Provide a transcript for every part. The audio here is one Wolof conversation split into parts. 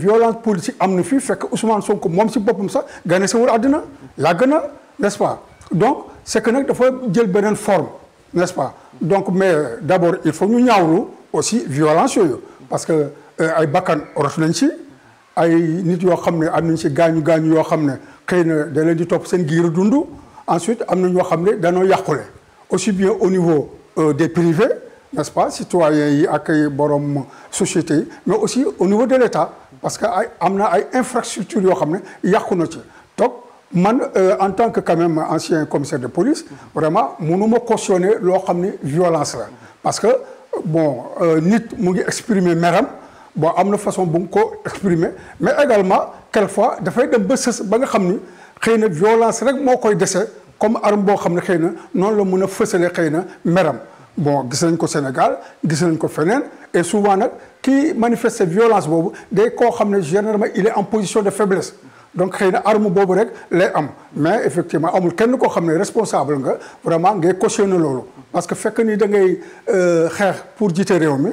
violence politique am fi fek Ousmane Sonko mom ci bopum sax gane si wul àddina la na n'est-ce pas donc c'est que nag dafa jël benen forme n'est-ce pas donc mais d'abord il faut ñu ñaawlu aussi violence yooyu parce que euh, ay bakkan rot nañ ci ay nit yo xamné ne am nañ ci gañu gañu yo xamné xeyna da leen di top seen giiru dundu ensuite am na ñoo xam ne dañoo aussi bien au niveau euh, des privés n'est-ce pas citoyens yi ak borom société, mais aussi au niveau de l'État parce que ay am na ay infrastructures yoo xam ne ci donc man euh, en tant que quand même ancien commissaire de police vraiment mënu ma cautionner loo xam violence parce que bon euh, nit mu ngi exprimer meram bon am na façon bu nga ko exprimer mais également quelquefois dafay fait de sës ba nga xam ni violence rek moo koy comme arme boo xam ne xëy na noonu la mun a fësale meram bon gis ko Sénégal gis ko fenen et souvent qui qui manifeste violence bobu day ko xam généralement il est en position de faiblesse donc xëy une arme bobu rek lay am mais effectivement amul kenn ko xam responsable nga vraiment ngay cautionner lolo, parce que fekk ni da ngay euh, xeex pour jiite rewmi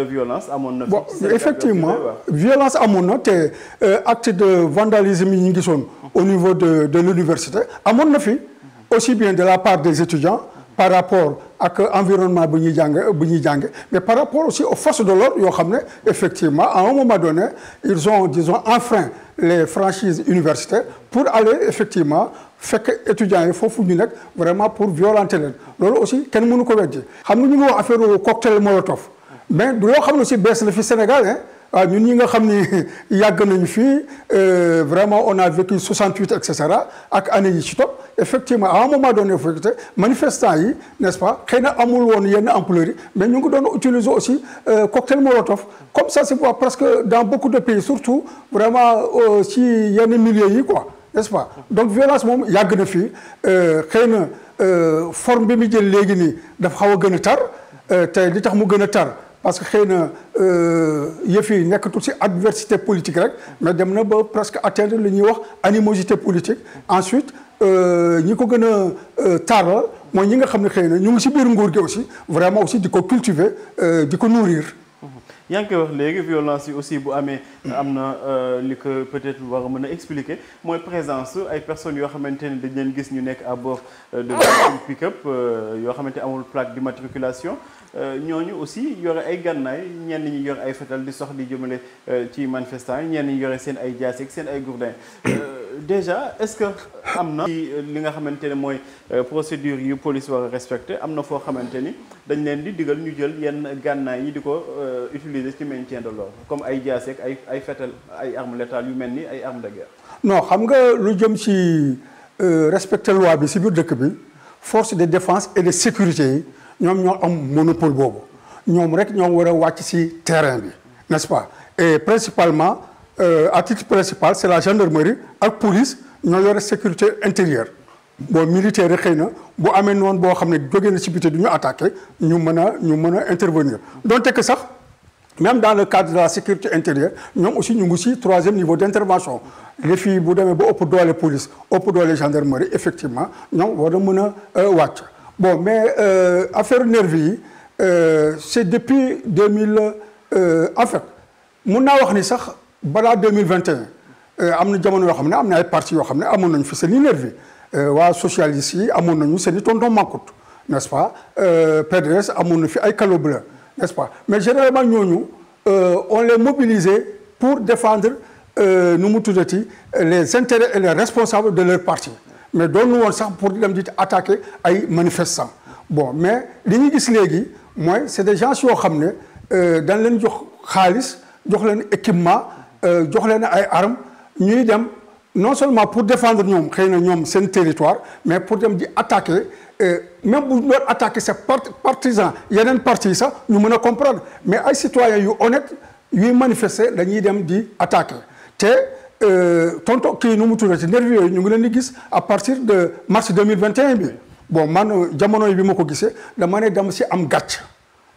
Euh, violence à mon effectivement violence à mon euh, acte de vandalisme au niveau de l'université à mon nom, aussi bien de la part des étudiants. par rapport à l'environnement mais par rapport aussi aux forces de l'ordre effectivement à un moment donné ils ont disons enfreint les franchises universitaires pour aller effectivement que étudiants il faut ñu vraiment pour violenter leen aussi quel mënu ko weddi xam ñu affaire cocktail molotov mais du loo xam ne si la fi Sénégal hein waaw ah, ñun ñi nga ni yàgg nañu euh, vraiment on a vécu 68 et cetera ak année ci effectivement à un moment donné fekk manifestant yi n'est-ce pas xëy na amul woon yenn ampleur yi mais ñu ngi doon utiliser aussi euh, cocktail molotov comme ça c'est parce presque dans beaucoup de pays surtout vraiment y euh, yenn des yi quoi n'est-ce pas donc violence moom yàgg na fii xëy euh, forme bi mu jël léegi nii dafa xaw a gën a tar li tax mu tar parce que xëy na euh, yëf yi nekkatul ci adversité politique rek mais dem na ba presque atteindre li ñuy wax animosité politique ensuite euh, ñi ko gën a euh, taaral mooy ñi nga xam ne xëy na ñu ngi ci biir nguur gi aussi vraiment aussi di cultiver di ko nourrir. yaa ngi koy wax léegi violence yi aussi bu amee am na li ko peut-être war a mën a expliquer mooy présence ay personnes yoo xamante ne dañ leen gis ñu nekk à bord de pick-up yoo xamante amul plaque d'immatriculation euh, ñooñu aussi yore ay gannaay ñenn ñi yore ay fetal di sox di jëmale euh, ci manifestants yi ñenn ñi yore seen ay jaasi seen ay gourdin euh, déjà est-ce que am na ci li nga xamante ne mooy procédure yu police war a respecter am na foo xamante ni dañ leen di digal ñu jël yenn gànnaay yi di ko utiliser ci maintien de l'ordre comme ay jaasi ay ay fetal ay armes létales yu mel ni ay armes de guerre non xam nga lu jëm ci respecter loi bi ci biir dëkk bi force de défense et de sécurité yi nous ñoo un monopole Nous ñom rek ñoo wacc ci terrain n'est-ce pas et principalement euh, à titre principal c'est la gendarmerie la police ñoo yore sécurité intérieure bon militaire xeyna ont des bu amé non bo xamné jogé na ci bité du ñu ñu ñu intervenir té que sax même dans le cadre de la sécurité intérieure nous avons aussi un troisième niveau d'intervention Les filles, bu ont ba de la police de la gendarmerie effectivement ñom wara mëna euh, wacc Bon, mais euh, affaire Nervi, euh, c'est depuis 2000. Euh, en fait, mun naa wax ni sax balaa 2021 euh, am na jamono yoo xam ne ay parti yoo xam ne amoon nañu fi seen i Nervi euh, waa socialiste yi amoon nañu seen i tonton n'est-ce pas euh, PDS amoon na fi ay calo bleus n'est-ce pas mais généralement ñooñu on les mobilisait pour défendre nu mu tuddati les intérêts et les responsables de leur parti mais doonu woon sax pour dem di attaquer ay manifestants bon mais li ñu gis léegi c'est des gens yo xamné euh dañ leen jox xaalis jox leen équipement euh, jox leen ay armes ñuy dem non seulement pour défendre ñom xeyna ñom sen territoire mais pour dem di attaquer euh, même bu attaquer doon attaquer il y a une partie ñu nous a comprendre mais ay citoyens yu honnête yu manifester dañuy dem di attaquer té euh, tonton kii nu mu tuddati nervis yooyu ñu ngi leen di gis à partir de mars 2021 bon man euh, jamono bi mako ko gisee dama ne dama si am gatch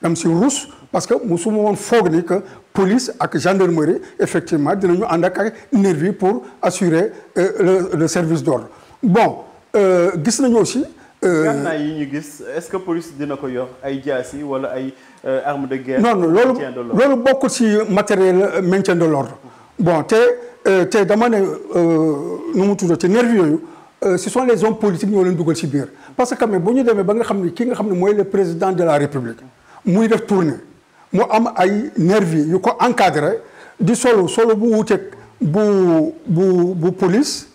dama si rousse parce que nous won foog ni que police ak gendarmerie effectivement dinañu ànd ak pour assurer euh, le service d'ordre bon gis nañu aussi. est-ce que police dina ko yor ay jaasi wala ay armes de guerre. non non loolu loolu beaucoup si matériel maintien de l'ordre bon te. Euh, te dama ne euh, nu mu tuddati nervi yooyu euh, ce sont les hommes politiques ñoo leen dugal ci biir parce que quand même bu ñu demee ba nga xam ki nga xam ne le président de la république muy def tournée mu am ay nervi yu ko encadrer di solo solo bu wuuteeg bu bu bu police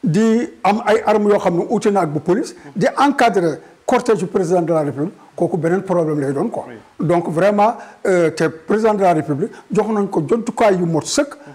di am ay armes yoo xam ne uute na ak bu police di encadrer cortège du président de la république kooku beneen problème lay doon quoi donc vraiment que président de la république jox nañ ko jontukaay yu mot sëkk mhm.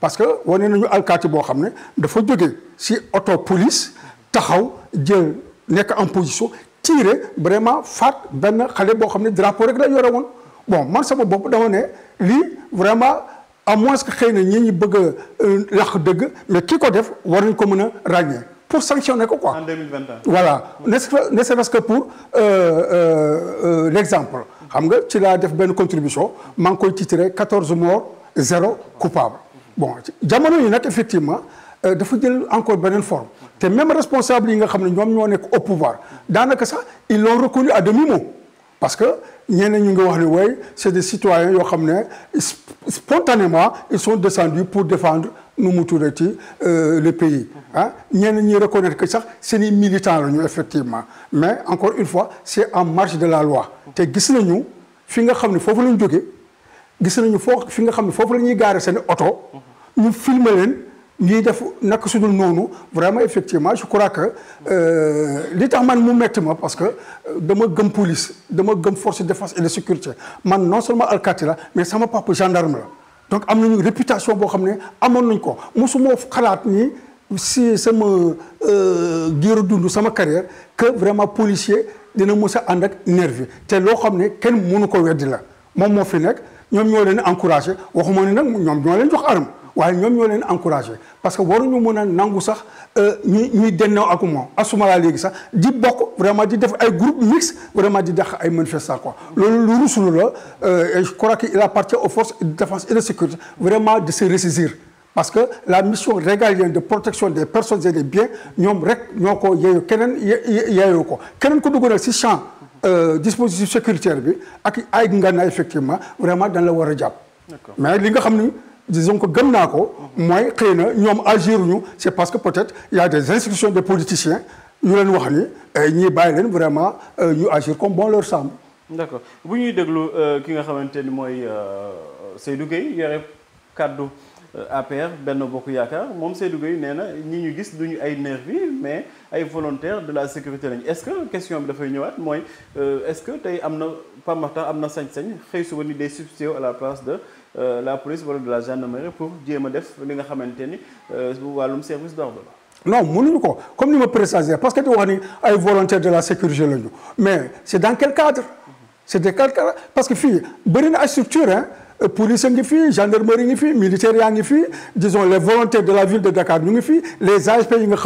parce que wane nañu alkaati boo xam ne dafa jóge si auto police taxaw jël nek en position tiré vraiment fat ben, xalé bo xamné drapeau rek la yore bon man sama bop dama ne li vraiment à moins que xeyna ñi ñi bëgg a deug mais kiko def war ñu ko mëna ragné pour sanctionner ko quoi. en 2021 voilà ne serait-ce que pour euh, euh, euh l'exemple xam nga ci la def ben contribution man koy titré 14 morts zéro coupable bon jamono y nag effectivement euh, dafa jël encore une forme les même responsable yi nga xam ñoom ñoo au pouvoir daanaka ça, ils l'ont reconnu à demi-mot parce que ñeneen ñu ngi wax ne way c'est des citoyens qui ont spontanément ils sont descendus pour défendre nu mu euh, le pays Hein? ñeneen ñi reconnaître que ça, c'est des militants ñu effectivement mais encore une fois c'est en marge de la loi te gis nañu fi nga xam ne foofu la ñu jóge gis nañu foo fi nga xam ne foofu la ñuy gaare ñu filmer leen ñuy def naka sudul noonu vraiment effectivement je crois que euh, li tax man mu metti ma parce que euh, dama gëm police dama gëm force de défense et de sécurité man non seulement alkaati la mais sama papa gendarme la donc am nañu réputation boo xam ne amoon nañ ko mosuma xalaat ni si sama euh, giiru dund sama carrière que vraiment policier dina mës a ànd ak nervi te loo xam ne kenn mënu ko weddi la moom moo fi nekk ñoom ñoo leen encouragé waxuma ne nag ñoom ñoo leen jox arme waaye nous ñoo encourager parce que waruñu ne a nangu sax euh, ñuy ñuy dennoo ak moom asuma laa léegi sax di bokk vraiment di def ay groupe mixte vraiment di dàq ay manifestants quoi loolu lu rusulu euh, et je crois qu'il appartient aux forces de défense et de sécurité vraiment de se ressaisir parce que la mission régalière de protection des personnes et des biens ñoom rek ñoo ko yeeyu keneen yeeyu ko keneen ko dugg nag si champ euh, dispositif sécuritaire bi ak ay ngànnaay effectivement vraiment dañ la travail. mais li nga xam disons que gëm nous, ko mooy xëy c'est parce que peut-être il y a des instructions des politiciens ñu leen wax ni euh, ñii bàyyi leen vraiment euh, ñu agir comme bon leur semble. d'accord bu ñuy déglu euh, ki nga xamante ni mooy Seydou Gueye yore kaddu APR Benno Bokk Yaakaar moom Seydou Gueye nee na ñi ñu gis duñu ay nervi mais ay volontaires de la sécurité est-ce que question bi dafay ñëwaat moi, est-ce que tu as pas Pape Makhtar am na sañ-sañ xëy suba ni des substituer à la place de. Euh, la police de la gendarmerie pour djema def li nga euh, service d'ordre non pas. comme je me précise, parce que tu volontaires de la sécurité mais c'est dans quel cadre. C'est parce que structure hein euh, police policiers, gendarmerie militaires, disons les volontaires de la ville de Dakar les ASP nga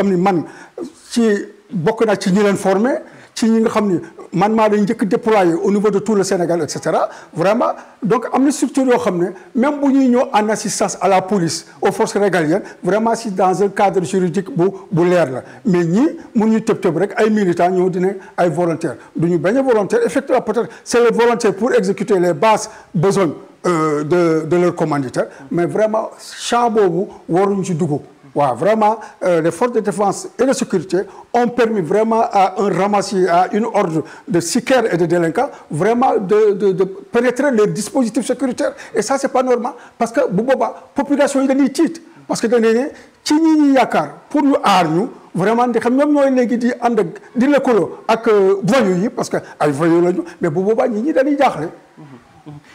si nous nga des man ma au niveau de tout le Sénégal etc. vraiment donc am structure yo xamné même bu ñuy ñëw en assistance à la police aux forces régaliennes vraiment c'est dans un cadre juridique bu bu lèr mais nous, nous ñu tëb rek ay militants ñoo dina ay volontaires Nous sommes des volontaires, effectivement peut-être c'est les volontaires pour exécuter les bases besoins euh, de de leur commanditaire mais vraiment champ bobu waruñ ci dugg vraiment, euh, les forces de défense et de sécurité ont permis vraiment à un ramassis, à une ordre de sicaires et de délinquants, vraiment de, de, pénétrer les dispositifs sécuritaires. Et ça, ce n'est pas normal. Parce que, la population, il est parce que les ne gens qui sont pour nous aar vraiment di xam les ñooy léegi di ànd ak di lëkkaloo euh, voyous parce que ay voyous mais bu ni ni ñi dañuy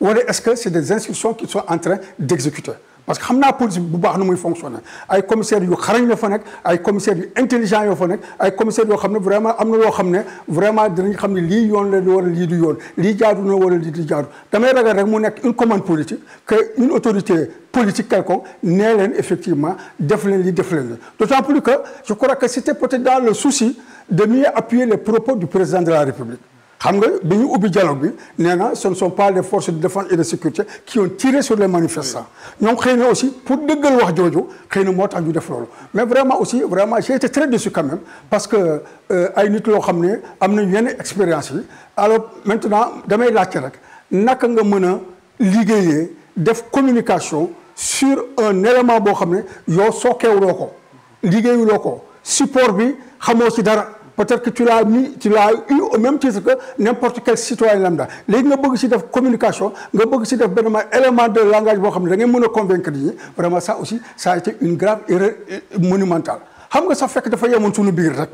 Ou est-ce que c'est des instructions qu'ils sont en train d'exécuter parce que xam naa police bu baax nu muy fonctionner ay commissaires yu xarañ la fa nekk ay commissaires yu intelligents yoo ay commissaires qui sont vraiment am na loo xam ne vraiment dinañ xam ne lii yoon la wala lii du yoon lii jaadu na wala lii du jaadu damay ragal rek mu une commande politique que une autorité politique quelconque n'est leen effectivement def leen d'autant plus que je crois que c'était peut-être dans le souci de mieux appuyer les propos du président de la République xam nga bi le dialogue bi ce ne sont pas les forces de défense et de sécurité qui ont tiré sur les manifestants Nous, xëy aussi pour dëggal wax jooju xëy na moo tax ñu def mais vraiment aussi vraiment j'ai été très déçu quand même parce que euh, ay nit loo xam ne am expérience alors maintenant damay laajte rek comment nga pouvez liguer liggéeyee def communication sur un élément boo xam ne yow sookeewuloo ko liggéeyuloo ko support bi xamoo ci peut-être que tu l'as mis tu l'as eu au même titre que n'importe quel citoyen lambda léegi nga bëgg si def communication nga bëgg si def benn élément de langage boo xam ne da ngay convaincre vraiment ça aussi ça a été une grave erreur monumentale xam nga que ça dafa yemoon suñu biir rek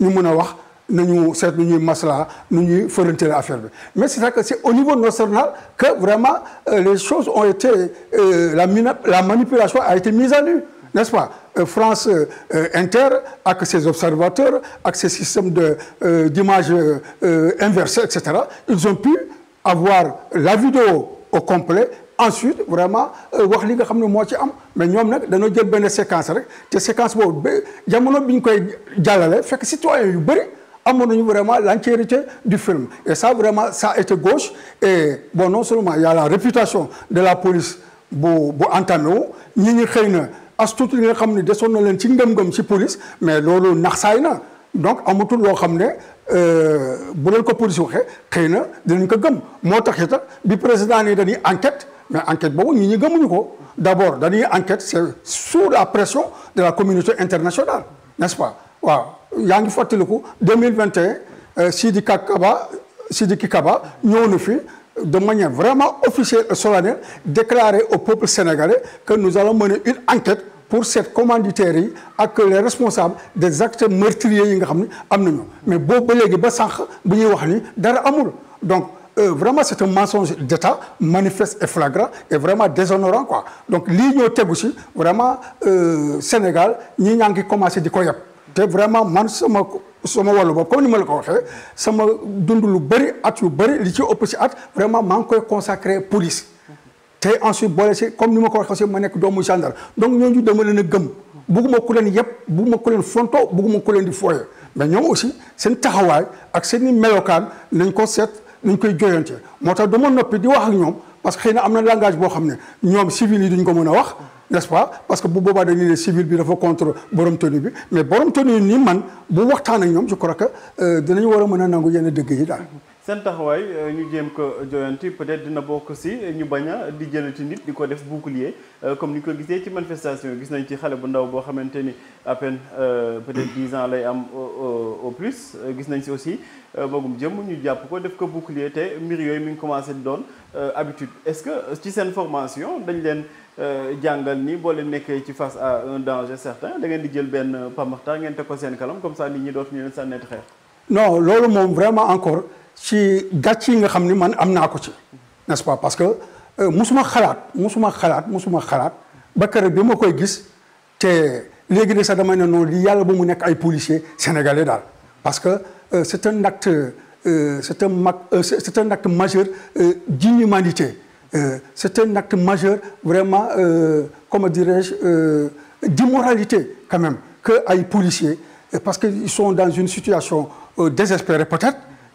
ñu mën a wax nañu seet nous, ñuy masla nu ñuy fëranteel affaire mais c'est vrai que c'est au niveau national que vraiment euh, les choses ont été euh, la la manipulation a été mise à nu n'est-ce pas euh, France euh, euh, Inter, avec ses observateurs, avec ses systèmes d'images inversées, etc., ils ont pu avoir la vidéo au complet ensuite vraiment wax li nga des séquences. ci am mais ñoom ont dañoo jël séquence rek séquence boobu jamono vraiment l'entièreté du film et ça vraiment ça a été gauche et bon non seulement il y a la réputation de la police qui bo, entamé wu ñi as tuut li nga xam ne na leen ci ngëm-ngëm ci police mais loolu nax na donc amatul lo xam ne euh, bu ko police waxee xëy na dinañ ko gëm moo tax itam bi président nii dañuy enquête mais enquête boobu ñi ñu gëmuñu d'abord dañuy enquête c'est sous la pression de la communauté internationale n'est-ce pas waaw yaa ngi fàttaliku 2021 euh, Sidiki Kaba Sidiki Kaba ñëw na fi de manière vraiment officielle et solennelle, déclarer au peuple sénégalais que nous allons mener une enquête pour cette commanditaire que les responsables des actes meurtriers mais si ba ba donc euh, vraiment c'est un mensonge d'État manifeste et flagrant et vraiment déshonorant quoi donc l'Union aussi vraiment euh, Sénégal nous avons commencé à dire te vraiment man sama sama wàllu bopp comme ni ma la ko waxee sama dund lu bëri at yu bëri li ci ëpp si at vraiment maa ngi koy consacré police. te ensuite boole si comme ni ma ko waxee aussi ma nekk doomu gendarme donc ñooñu dama leen a gëm bugguma ku leen yëpp bugguma ku leen fonto bugguma ku leen di fooye mais ñoom aussi seen taxawaay ak seen i melokaan nañ ko seet nañ koy joyante moo tax dama noppi di wax ak ñoom parce que xëy na am na langage boo xam ne ñoom civil yi duñ ko mën a wax. nest parce que bu boobaa dañuy ne civil bi dafa contre borom tenue bi mais borom tenue ni man bu waxtaan ak ñoom je crois que euh, dinañu war a mën a nangu yenn dëgg yi daal. seen taxawaay euh, ñu jëm ko joyanti peut-être dina nous ñu di bouclier euh, comme ni ko ci manifestation gis nañ ci bu ndaw à peine euh, peut-être 10 ans lay au plus gis nañ aussi Nous jëm ñu ko def ko bouclier mi habitude est-ce que ci sen formation dañ leen ni face à un danger certain da di jël ko comme ça nit ñi non vraiment encore ci gatchi nga xamni ni man amna ko ci n'est-ce pas parce que euh, musuma xalaat musuma xalaat musuma xalaat ba kër bi ma koy gis té légui de sa dama né non li yàlla ba mu ay policiers sénégalais dal parce que euh, c'est un acte euh, c'est un c'est un acte majeur d'inhumanité c'est un acte majeur vraiment comment dirais-je d'immoralité quand même que ay policiers parce qu'ils sont dans une situation désespérée peut-être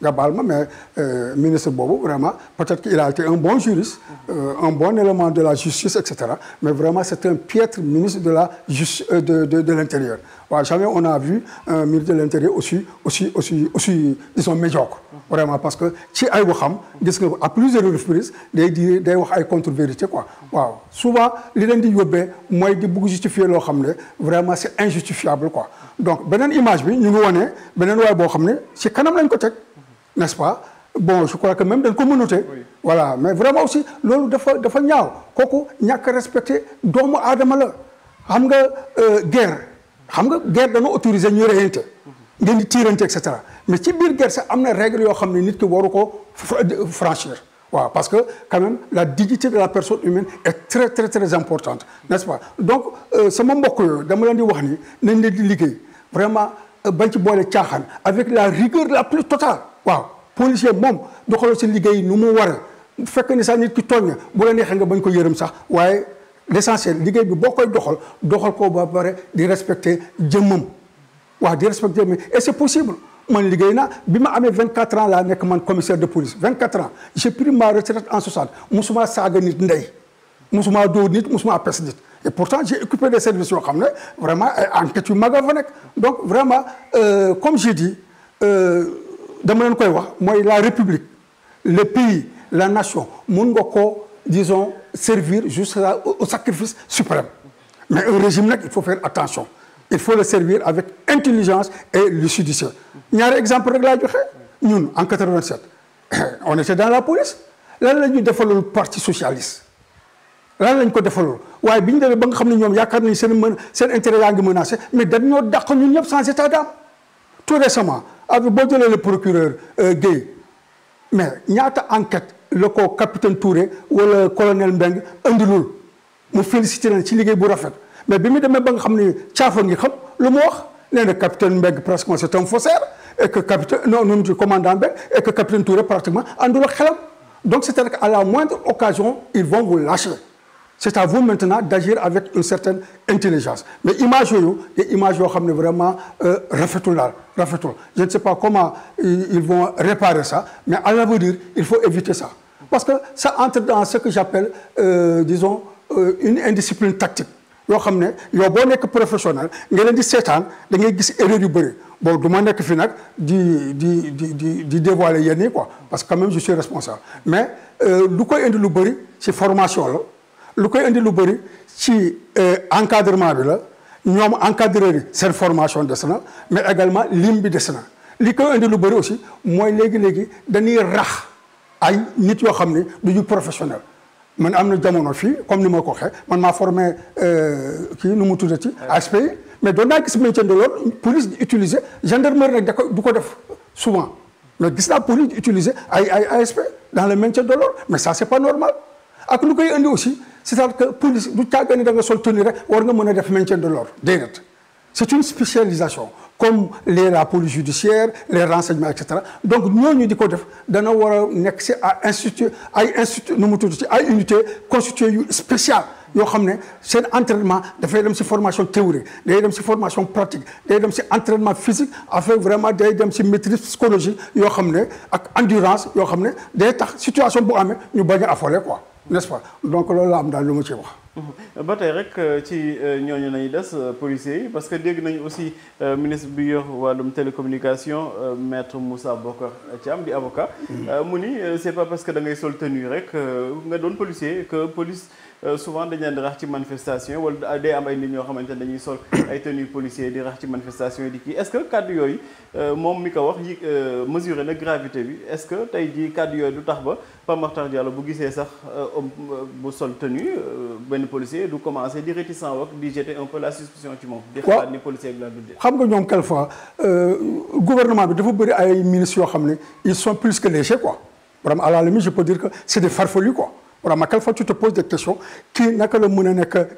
Globalement, mais euh, ministre Bobo vraiment peut-être qu'il a été un bon juriste euh, un bon élément de la justice etc. mais vraiment c'est un piètre ministre de la euh, de de l'intérieur jamais on a vu un ministre de l'intérieur aussi aussi aussi aussi disons médiocre vraiment parce que ay à plusieurs reprises il di wax contre-vérité quoi souvent les gens di yóbbee mooy di justifier loo vraiment c'est injustifiable quoi donc une image bi ñu ngi wone y a une image, c'est kanam lañ ko n'est-ce pas bon je crois que même dans la communauté, voilà mais vraiment aussi loolu dafa dafa ñaaw kooku ñàkk respecter doomu droits la xam nga euh, guerre xam nga guerre dana autoriser ñu guerre mhm. ngeen di tirer etc etc. mais ci biir guerre sax am na règle yoo xam ne nit ki waru franchir voilà parce que quand même la dignité de la personne humaine est très très très importante n'est-ce pas donc ce euh, mbokk yooyu dama leen di wax ni vraiment euh, ci avec la rigueur la plus totale waaw policier moom doxaloo si liggéey nu mu war a bu fekkee ne sax nit ki tooñ na bu la neexee nga bañ ko yërëm sax waaye l'essentiel liggéey bi boo koy doxal doxal ko ba pare di respecter jëmmam waaw di respecter jëmmam et c'est possible Mon liggéey na, Bima ma 24 ans laa nekk man commissaire de police 24 ans j'ai pris ma retraite en 60 musuma saaga nit ndey musuma dóor nit musuma apes nit et pourtant j'ai occupé des services yoo vraiment ay tu yu donc vraiment euh, comme j'ai dit euh, dans leen koy wax la république le pays la nation mun disons servir jusqu'au sacrifice suprême mais un régime là il faut faire attention il faut le servir avec intelligence et lucidité un exemple rek la joxe ñun en 87 on était dans la police là nous avons ñu le parti socialiste là lan lañ ko defaloon waaye bi ñu demee ba nga xam ne ñoom yaakaar nañ le mën seen intérêt yaa ngi menacé mais dañ ñoo dàq ñun ñëpp sans état d'âme tout récemment avec boo le procureur euh, gay mais il y a une enquête le co capitaine Touré ou le colonel Mbeng, andilul mu félicité leen ci liggéey bu rafet mais bi mu demee ba nga xam ni caafa ngi xam lu wax capitaine Mbeng, pratiquement c'est un faussaire et que capitaine non non du commandant Mbengue et que capitaine Touré pratiquement andul ak xelam donc c'est-à-dire qu'à la moindre occasion ils vont vous lâcher c'est à vous maintenant d'agir avec une certaine intelligence mais imaginez-vous, des images vraiment euh, refaites tout. je ne sais pas comment ils vont réparer ça mais à dire, il faut éviter ça parce que ça entre dans ce que j'appelle euh, disons euh, une indiscipline tactique Vous savez, ne yow boo un professionnel vous avez 17 ans, vous avez des erreur du bruit. bon du ma que fi de di di dévoiler quoi parce que quand même je suis responsable mais euh, ce indi lu C'est c'est formation là lu koy indi lu bëri ci euh, encadrement bi la ñoom encadreur yi seen formation des na mais également lim bi des na li koy indi lu bëri aussi mooy léegi-léegi dañuy rax ay nit yoo xam ne duñu professionnel man am na jamono fii comme ni ma ko waxee man maa formé euh, kii nu mu tuddati HPI mais dans naa gis maintien de l'ordre police di utiliser gendarmerie nag da ko du ko def souvent mais gis naa police di utiliser ay ASP dans le maintien de l'ordre mais ça c'est pas normal ak lu koy indi aussi c'est-à-dire que police de c'est une spécialisation comme les la police judiciaire les renseignements etc. donc nous, nous, à institut unité constituée spéciale C'est entraînement formation théorique day dem formation pratique entraînement physique afin vraiment maîtrise psychologique endurance situation quoi n'est-ce pas donc c'est la am daal lu ma ci wax. Mmh. ba tey rek euh, ci euh, ñooñu nañu des euh, policiers parce que dégg nañ aussi ministre bi la télécommunication maître Moussa Bokar Thiam di avocat. Mmh. mu ni c'est pas parce que da ngay sol tenue rek nga doon policier que police. Euh, souvent dañ leen rax ci manifestation yi wala day am ay nit ñoo xamante ne dañuy sol ay tenues policiers di rax ci manifestation di kii est-ce que kàddu yooyu euh, moom mi ko wax yi euh, mesurer na gravité bi est-ce que tey jii kàddu yooyu du tax ba Pape Makhtar Diallo bu gisee sax bu sol tenue benn policier du commencer di réticent wak di jeter un peu la suspicion ci moom. di xalaat ni policier bi laa duddee. xam nga ñoom fois gouvernement bi dafa bëri ay ministres yoo xam ne ils sont plus que légers quoi vraiment à la limite je peux dire que c'est des farfelus quoi. Voilà, mais que tu te poses des questions qui n'a que le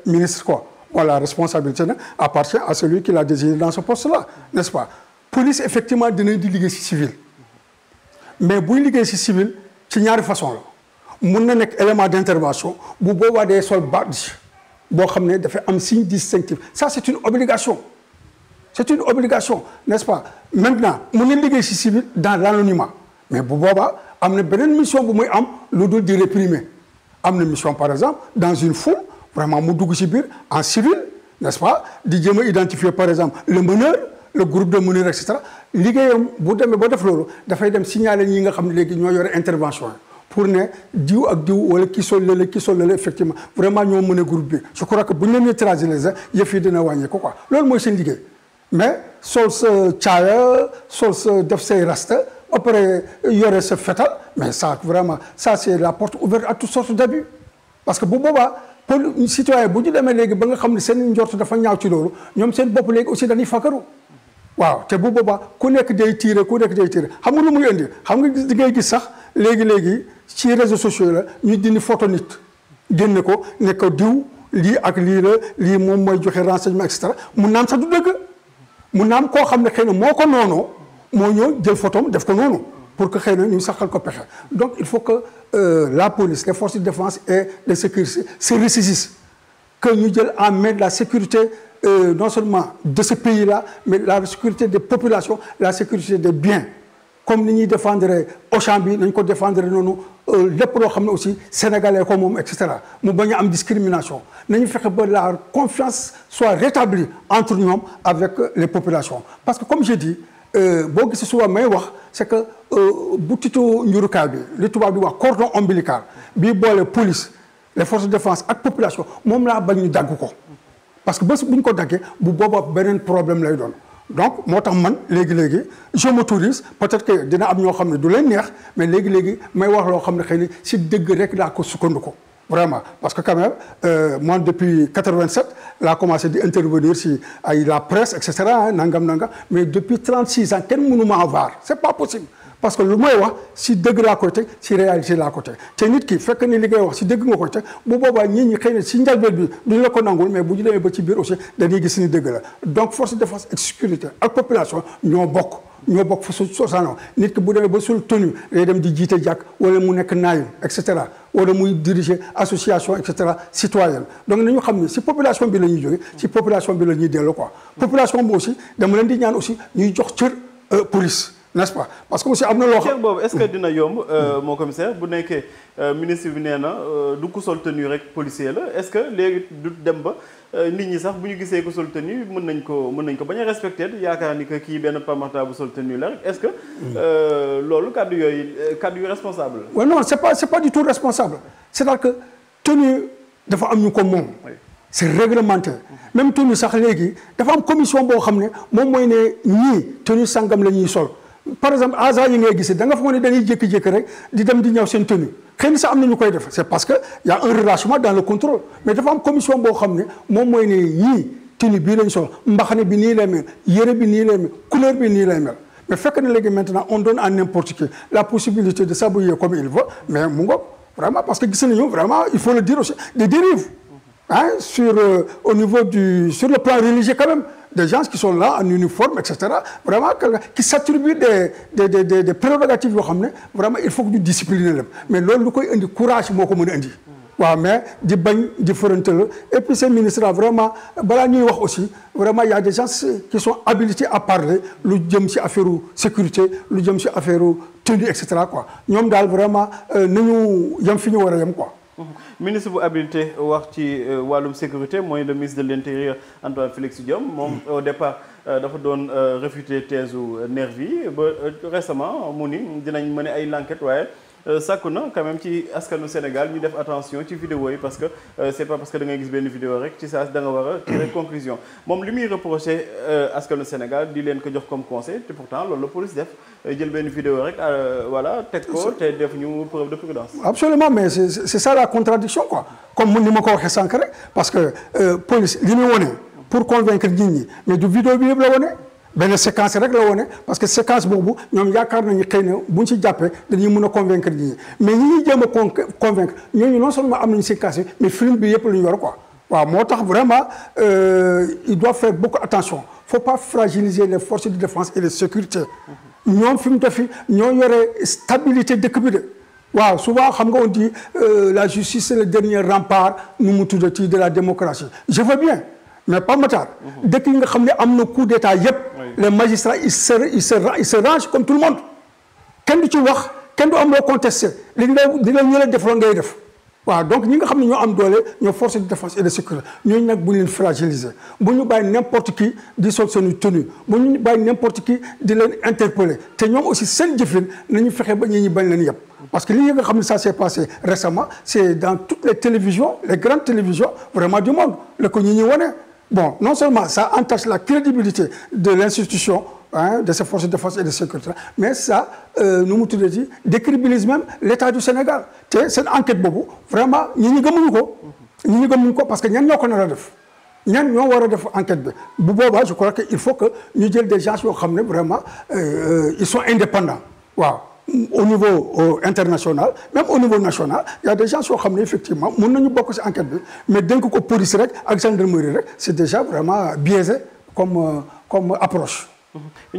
ministre, quoi. la responsabilité hein, appartient à celui qui l'a désigné dans ce poste-là, n'est-ce pas Police, effectivement, donne une délégation civile. Mais pour ligue civile c'est une façon. Là. mun élément d'intervention Vous avez des soldats badge signe distinctif ça c'est une obligation c'est une obligation n'est-ce pas maintenant mun diligence civile dans l'anonymat mais bu boobaa am une mission bu moi am ludo de réprimer am mission par exemple dans une foule vraiment mu dugg ci en civil n'est-ce pas di m'a identifié, par exemple le meneur le groupe de meneurs etc cetera liggéeyam bu demee ba def loolu dafay dem signaler ñi nga xam ne léegi intervention pour ne diw ak diw wala qui sol la qui sol la effectivement vraiment ñoo mën groupe bi je crois que bu ñu leen neutraliser yëf yi dina wàññeeku quoi loolu moy sen liggéey mais sol ce caaya sol ce def say après il y aurait ce fatal, mais ça vraiment, ça c'est la porte ouverte à toutes sortes d'abus. Parce que bu boobaa une citoyen bu ba nga ne dafa ci a aussi dañuy fakaru waaw te bu boobaa ku nekk day tiire ku nekk que tiire xam nga lu muy indi xam nga gis sax ci réseaux sociaux la ñu photo nit ko ne ko diw li ak li la li mom moy joxe renseignement mu du mu jël pour que nous donc il faut que euh, la police les forces de défense et les sécurités se ressaisissent que nous jël la sécurité euh, non seulement de ce pays là mais la sécurité des populations la sécurité des biens comme nous défendons défendre nous bi nañ ko défendre euh, aussi sénégalais etc. Nous et cetera mu bañ a am discrimination la confiance soit rétablie entre nous avec les populations parce que comme j'ai dit Euh, boo gisee suba may wax c' est que euh, bu titu njurukaay bi li tubaab di wax cordon ombilical bii boole police les forces de défense ak population moom laa bañ ñu dagg ko parce que bés bu ñu ko daggee bu boobaa beneen problème lay doon donc moo tax man léegi-léegi je m'autorise peut-être que dina am ñoo xam ne du leen neex mais léegi-léegi may wax loo xam ne xëy na si dëgg rek laa ko sukkandiku ko Vraiment. Parce que quand même, euh, moi, depuis 1987, là, a commencé d'intervenir sur la presse, etc., hein, nangam, Mais depuis 36 ans, quel monument avoir n'est pas possible parce que lu may wax si dëgg laa côté, teg si réalité laa ko teg te nit ki fekk ni li wax si dëgg nga koy teg bu boobaa ñii ñi xëy na si njalbeen bi duñ la ko nangul mais bu ñu demee ba ci biir aussi dañuy gis ni dëgg la donc force de défense et sécurité ak population ñoo bokk ñoo bok fa su sosaanoo nit ki bu demee ba sul tenu day dem di jité jak wala mu nek naayum et cetera wala muy diriger association et cetera citoyenne donc nañu xam ci population bi lañuy ñuy ci population bi lañuy ñuy quoi population bo aussi dama leen di ñaan aussi ñuy jox cër euh, police n'est-ce pas parce que monsieur am na est-ce que dina euh, mon commissaire bu nekkee euh, ministre bi euh, du ku sol tenue rek policier est-ce que les du dem ba euh, nit ñi sax bu ñu gisee ko sol tenue mën nañ ko respecté? nañ ko a respecté yaakaar ni que kii benn pamata bu sol tenue rek est-ce que mm. euh, loolu kàddu yooyu kàddu responsable la non c'est pas c'est pas du tout responsable c'est-à-dire que tenu dafa am ñu c'est réglementaire même tenu sax léegi dafa am commission boo xam ne moom mooy ne tenu tenue sangam la sol par exemple agents yi ngay gisee da nga fone ne dañuy jékki-jékki rek di dem di ñaw sen tenue xëy sa am na ñu koy def c'est parce que il y a un relâchement dans le contrôle mais dafa am commission bo xam mom moy ni yi yii tenue bii lañ sol mbaxane bi ni lay mel yere bi ni lay mel couleur bi ni lay mel mais fekk na légui maintenant on donne à n'importe qui la possibilité de s'habiller comme il veut mais mu vraiment parce que gis nañu vraiment il faut le dire aussi des dérives hein sur euh, au niveau du sur le plan religieux quand même des gens qui sont là en uniforme, etc. Vraiment, qui s'attribuent des, des, des, des, prérogatives, vraiment, il faut que nous disciplinions. Mais là, nous avons du courage, comme on dit. mais di des di et puis ces ministres là vraiment aussi vraiment il y a des gens qui sont habilités à parler le jëm ci affaire sécurité le jëm ci tenue etc quoi vraiment euh, nous yem fi quoi. Mhm. ministre de l'habilité wax ci euh, la sécurité mooy le ministre de l'intérieur Antoine Félix Diom, mhm. au départ euh, dafa doon euh, réfuter teesu nervi ba récemment il a dinañ une ay enquête ouais ça euh, na quand même ci askanu Sénégal ñu def attention ci vidéo yi parce que euh, c'est pas parce que da ngay gis benn vidéo rek ci saa da nga wara a tirer conclusion moom à ce reproché euh, askanu Sénégal di leen ko jox comme conseil et pourtant loolu la police def jël une vidéo rek voilà tête ko te def ñu preuve de prudence. absolument mais c'est ça la contradiction quoi comme ni ma ko encore sànq parce que police limuy pour convaincre nit ñi mais du vidéo bi yëpp la ben benn séquence rek la woné parce que séquence boobu ñoom yaakaar nañu xëy na buñ ci jappé dañuy mëna convaincre nit ñi mais ñi ñi jéem convaincre ñooñu non seulement am nañu séquence mais film bi yépp lu ñu yor quoi waaw motax vraiment vraiment euh, il doit faire beaucoup attention faut pas fragiliser les forces de défense et de sécurité ñom film mu defi ñoo yoré stabilité de bi de waaw souvent xam nga on dit euh, la justice c'est le dernier rempart nu mu ci de la démocratie je veux bien mais pas matar mhm. dès yi nga xamné amna coup d'état yépp les magistrats ils se ils se ils se rangent comme tout le monde Quand tu vois, quand vois Qu'est-ce loo contesté li ñu lay li donc nous, avons xam ne une force de défense et de sécurité Nous avons bu ñu Nous fragiliser avons n'importe qui de sol tenu. Nous avons n'importe qui de nous interpeller Nous avons aussi Nous jëfin nañu fexe ba ñi bañ parce que li nga ça s'est passé récemment c'est dans toutes les télévisions les grandes télévisions vraiment du monde Le ko ñi Bon, non seulement ça entache la crédibilité de l'institution, hein, de ses forces de défense et de sécurité, mais ça, nous nous dit, décrédibilise même l'État du Sénégal. C'est une enquête, bobo. vraiment, nous ne sommes pas parce que nous ne sommes pas ñan enquête je crois qu'il faut que nous jël des gens soient vraiment euh, euh, indépendants au niveau international même au niveau national il y a des gens qui sont effectivement bokk mais dès ko police rek ak gendarmerie c'est déjà vraiment biaisé comme euh, comme approche mmh